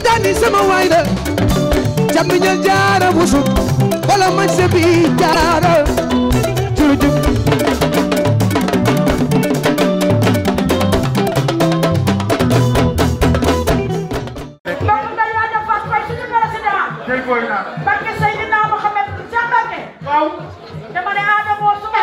tijani sama waay la jambi ñal jaara busu wala man se bi jaara jurujub Barke Seydina Muhammad Jambake waaw dama ne Adamo suma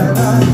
esperar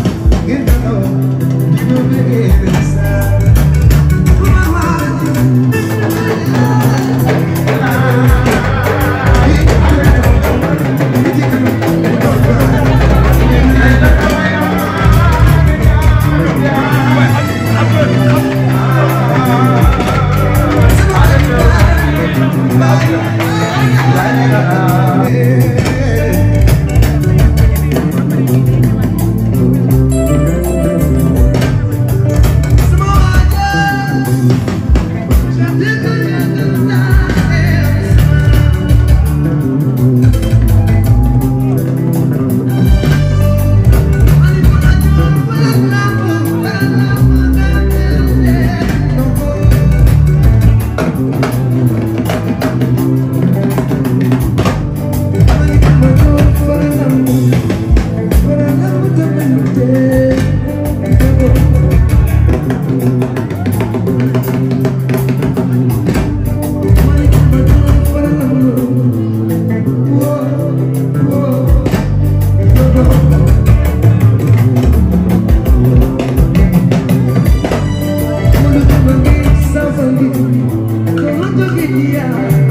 yeah.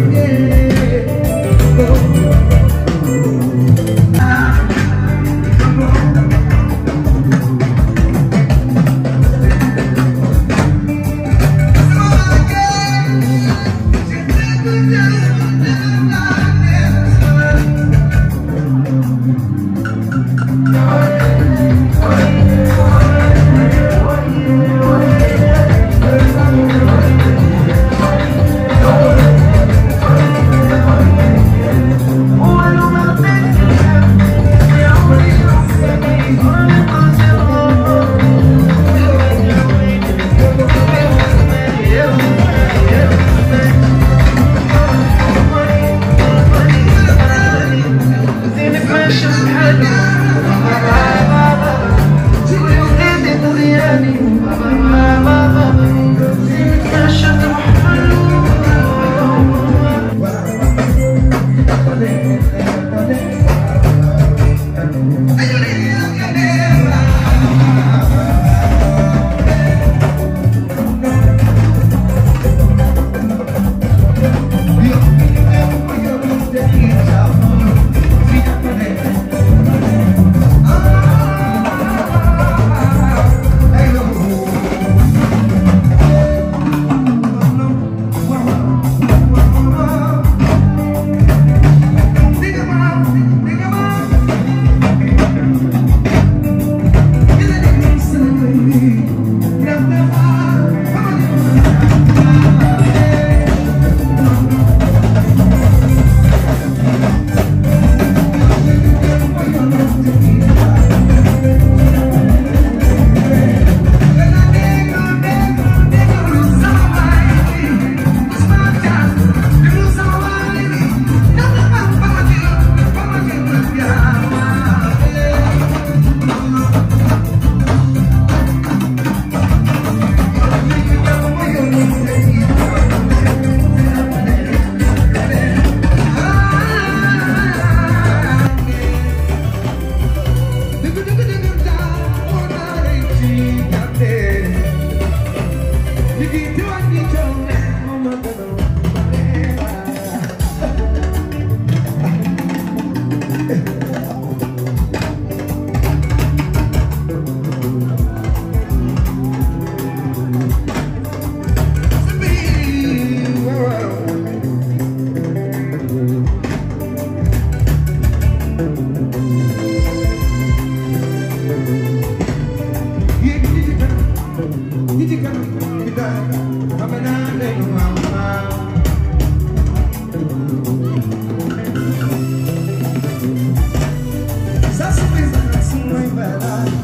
primavera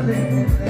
Amen.